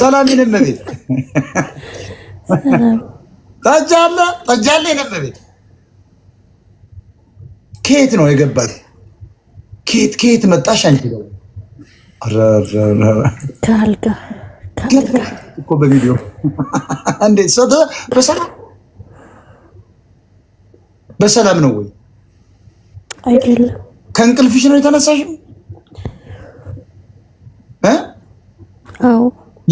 ሰላም የለም ቤት ጠጃለ ጠጃለ ይነ ቤት ከየት ነው የገባት? ከየት ከየት መጣሽ አንቺ? ነው ካልጋ እኮ በቪዲዮ እንዴ ሰደ በሰላም በሰላም ነው ወይ አይደለም? ከእንቅልፍሽ ነው የተነሳሽው? አዎ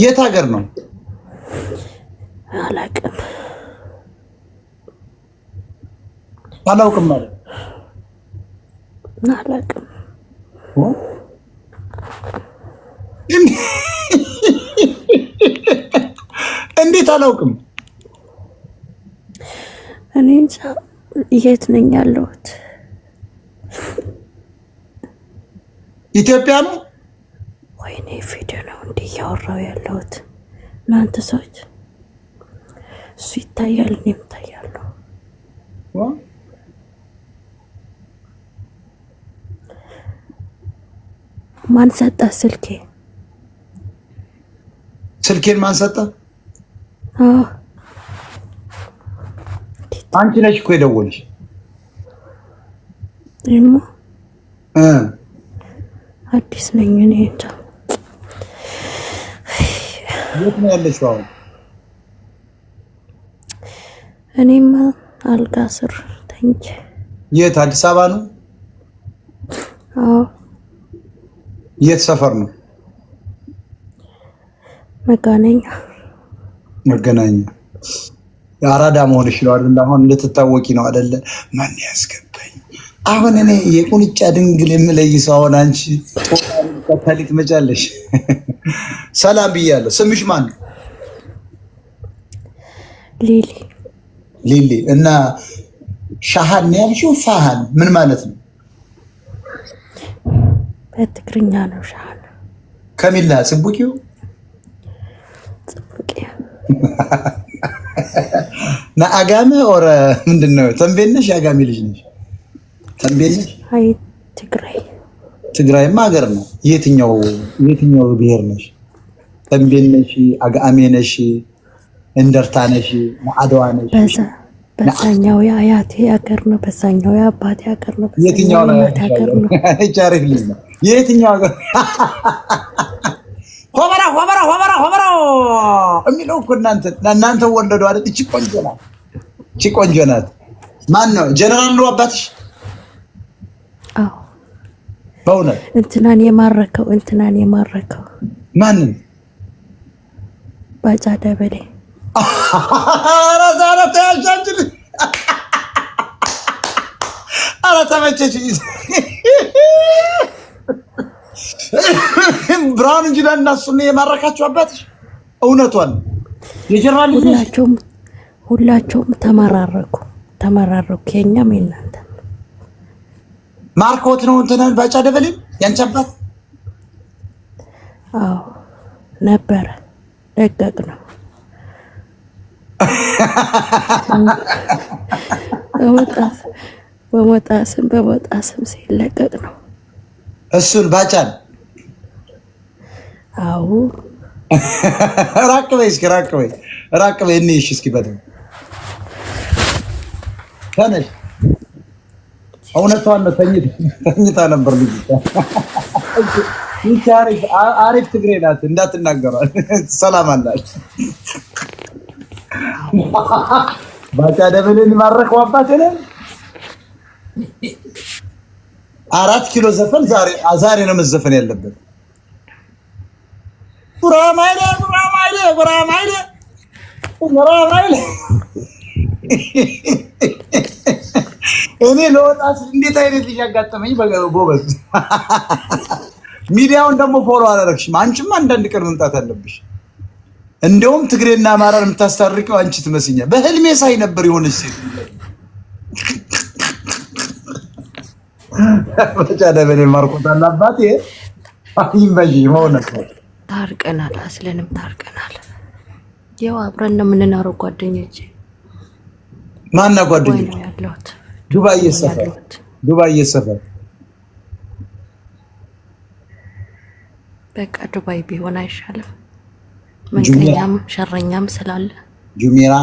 የት ሀገር ነው? አላውቅም። አላውቅም ማለት አላውቅም። እንዴት አላውቅም? እኔ እንጃ የት ነኝ ያለሁት። ኢትዮጵያ ነው እያወራው ያለሁት እናንተ ሰዎች። እሱ ይታያል፣ እኔም እታያለሁ። ማን ሰጠ ስልኬ? ስልኬን ማን ሰጠ? አንቺ ነሽ እኮ የደወልሽ። አዲስ ነኝ እኔ እንጃ የት ነው ያለችው አሁን? እኔማ አልጋ ስር ተኝቼ። የት አዲስ አበባ ነው? አዎ። የት ሰፈር ነው? መገናኛ መገናኛ። የአራዳ መሆንሽ ነው አይደል? አሁን እንድትታወቂ ነው አይደለ? ማን ያስገባኝ አሁን እኔ የቁንጫ ድንግል የምለይ ሰው አሁን አንቺ ቀጣሊ ትመጫለሽ። ሰላም ብያለሁ። ስምሽ ማን ሊሊ ሊሊ። እና ሻሃን ነው ያልሽው? ፋሃን ምን ማለት ነው? በትግርኛ ነው ሻሃን ከሚላ ጽቡቂው ጽቡቂው አጋሜ ኦረ ምንድን ነው? ተንቤነሽ? የአጋሜ ልጅ ነሽ? ተንቤነሽ? አይ ትግራይ ትግራይማ ሀገር ነው። የትኛው የትኛው ብሔር ነሽ? ተንቤን ነሽ? አጋሜ ነሽ? እንደርታ ነሽ? አድዋ ነሽ? በዛኛው የአያቴ ሀገር ነው። በዛኛው የአባቴ ሀገር ነው። የትኛው ነው? ነው። ልጅ የትኛው ሀገር ሆበራ ሆበራ ሆበራ ሆበራ የሚለው እኮ እናንተ እናንተ ወለዱ አይደል? እቺ ቆንጆ ናት፣ እቺ ቆንጆ ናት። ማን ነው ጀነራል ነው አባትሽ? አዎ በእውነት እንትናን የማረከው እንትናን የማረከው ማንን ባጫ ደበሌ ኧረ ተመቸችኝ። ብርሃኑ እንጂዳ እና የማረካቸው አባትሽ እውነቷን የጀራ ሁላቸውም ተመራረኩ ተመራረኩ የኛም የእናንተ ማርኮት ነው እንትን ባጫ ደበሌ ያንቺ አባት አዎ ነበረ። ደቀቅ ነው በሞጣ ስም በሞጣ ስም ሲለቀቅ ነው። እሱን ባጫን አዎ ራቅ በይ እስኪ ራቅ በይ ራቅ በይ እኔ እስኪ በደምብ እውነቷን ነው። ተኝታ ነበር ልጅ አሪፍ ትግሬ ናት። እንዳትናገሯል። ሰላም አላች ባጫ ደብልን ማረክ ዋባት ነ አራት ኪሎ ዘፈን ዛሬ ነው መዘፈን ያለበት። ቡራም አይለ ቡራም አይለ እኔ ለወጣ እንዴት አይነት ልጅ ያጋጠመኝ ጎበዝ። ሚዲያውን ደግሞ ፎሎ አላረግሽም። አንቺም አንዳንድ ቀን መምጣት አለብሽ። እንደውም ትግሬና አማራን የምታስታርቂው አንቺ ትመስኛል። በህልሜ ሳይ ነበር የሆነች ሴት ብቻ ደበሌ ማርቆታል አባቴ ይመሽ መሆነ ታርቀናል፣ አስለንም ታርቀናል። ያው አብረን ነው የምንኖረው ጓደኞች ማና ጓደኞች ያለት ዱባይ የሰፈር ዱባይ የሰፈር በቃ ዱባይ ቢሆን አይሻልም? መንቀኛም ሸረኛም ስላለ ጁሚራ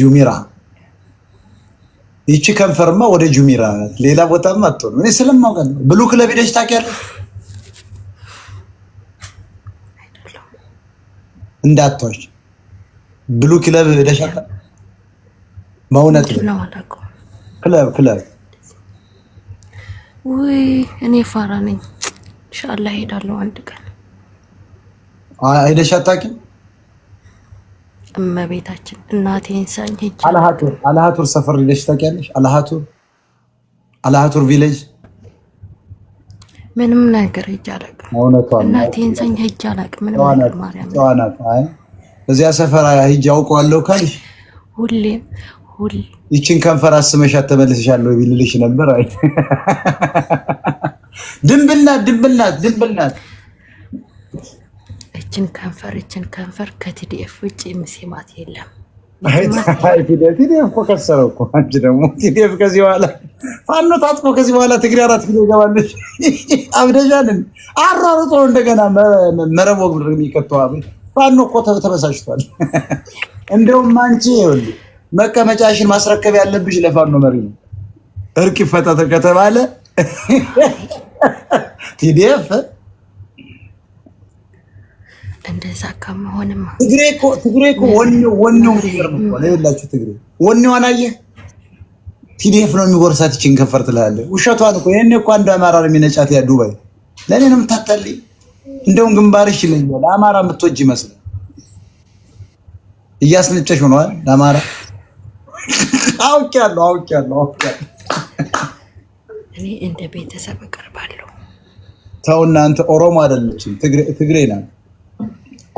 ጁሚራ ይቺ ከንፈርማ ወደ ጁሚራ ሌላ ቦታም ነው። እኔ ስለማውቀ ነው። ብሉ ክለብ ሄደሽ ታውቂያለሽ? እንዳትዋሽ ብሉ ክለብ ሄደሽ በእውነት ክለብ ክለብ? ውይ እኔ ፋራ ነኝ። ኢንሻአላህ ሄዳለሁ አንድ ቀን። ሄደሽ አታውቂም? እመቤታችን እናቴን ሳኝ ሄጅ አላሃቱር አላሃቱር ሰፈር ሄደሽ ታውቂያለሽ? አላሃቱር አላሃቱር ቪሌጅ ምንም ነገር ሄጅ አላውቅም። እናቴን ሳኝ ሄጅ አላውቅም ምንም ነገር ማርያም እዚያ ሰፈር ሂጅ አውቀዋለሁ ካልሽ ሁሌም ሁሌ ይችን ከንፈር አስመሻት ተመልሰሻለሁ ቢልልሽ ነበር። አይ ድንብልናት ድንብልናት ድንብልናት እችን ከንፈር እችን ከንፈር ከቲዲኤፍ ውጭ የሚሰማት የለም። ቲዲኤፍ እኮ ከሰረው እኮ አንቺ ደግሞ ቲዲኤፍ ከዚህ በኋላ ፋኖ ታጥቆ ከዚህ በኋላ ትግሬ አራት ኪሎ ይገባለች። አብደጃንን አሯሩጦ እንደገና መረብ ወግ ብር የሚከተው ፋኖ እኮ ተበሳጭቷል። እንደውም አንቺ ይሁን መቀመጫሽን ማስረከብ ያለብሽ ለፋኖ መሪ ነው። እርቅ ይፈጠር ከተባለ ቲዲኤፍ እንደዛ ከመሆንማ ትግሬ እኮ ትግሬ እኮ ወኔው ወኔው ይገርም ነው። ይኸውላችሁ ትግሬ ወኔዋን አየህ ፒዲኤፍ ነው የሚጎርሳት ይችን ከንፈር ትላለህ። ውሸቷን እኮ ይሄኔ እኮ አንዱ አማራ ነው የሚነጫት። ያ ዱባይ ለእኔ ነው የምታጣልኝ። እንደውም ግንባርሽ ይለኛል። አማራ የምትወጅ ይመስላል። እያስነጨሽ ሆነዋል። ለአማራ አውቄያለሁ፣ አውቄያለሁ፣ አውቄያለሁ። እኔ እንደ ቤተሰብ እቀርባለሁ። ተው እናንተ። ኦሮሞ አይደለችም ትግሬ ናት።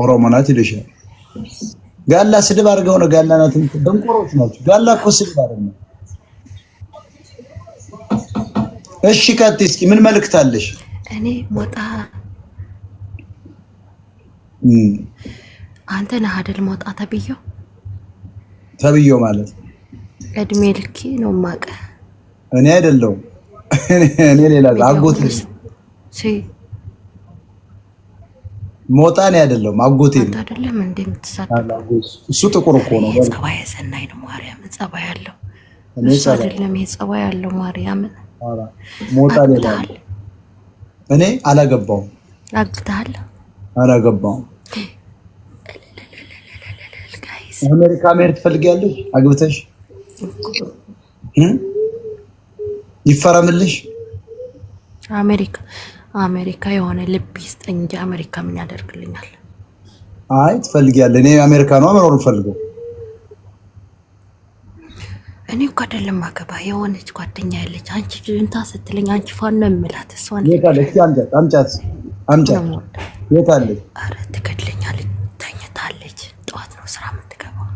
ኦሮሞ ናት ይልሻል። ጋላ ስድብ አድርገው ነው። ጋላ ናት። ደንቆሮች ናቸው። ጋላ እኮ ስድብ አይደለም። እሺ ከት እስኪ ምን መልእክት አለሽ? እኔ ሞጣ አንተ ነህ አይደል? ሞጣ ተብዮ ተብዮ ማለት እድሜ ልኬ ነው ማቀ እኔ አይደለሁም። እኔ ሌላ አጎት ልጅ ሲ ሞጣ እኔ አይደለሁም። አጎቴ ነው አይደለም። እንዴ? እንደምትሳደብ እሱ ጥቁር እኮ ነው። ጸባይ ዘናይ ነው። ማርያም ጸባይ አለው እሱ አይደለም። ይሄ ጸባይ አለው ማርያምን ሞጣ ሌላ እኔ አላገባውም። አግብተሃል? አላገባውም። አሜሪካ መሄድ ትፈልጊያለሽ? አግብተሽ ይፈረምልሽ። አሜሪካ አሜሪካ የሆነ ልብ ይስጠኝ እንጂ አሜሪካ ምን ያደርግልኛል? አይ ትፈልጊያለሽ? እኔ አሜሪካ ነው መኖር ፈልገው እኔ እኮ አይደለም አገባ የሆነች ጓደኛ ያለች አንቺ ጅንታ ስትለኝ አንቺ ፋን ነው የምላት እሷን ትገድለኛለች። ተኝታለች። ጠዋት ነው ስራ የምትገባው።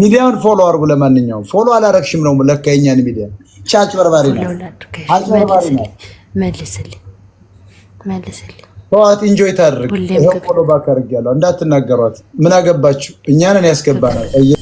ሚዲያውን ፎሎ አድርጉ። ለማንኛውም ፎሎ አላረግሽም ነው ለካ የእኛን ሚዲያ ቻች በርባሪ ነው። መልስልኝ መልስልኝ ተዋት፣ ኢንጆይ ታድርግ። ሆሎ ባክ አድርጊያለሁ። እንዳትናገሯት። ምን አገባችሁ? እኛንን ያስገባናል።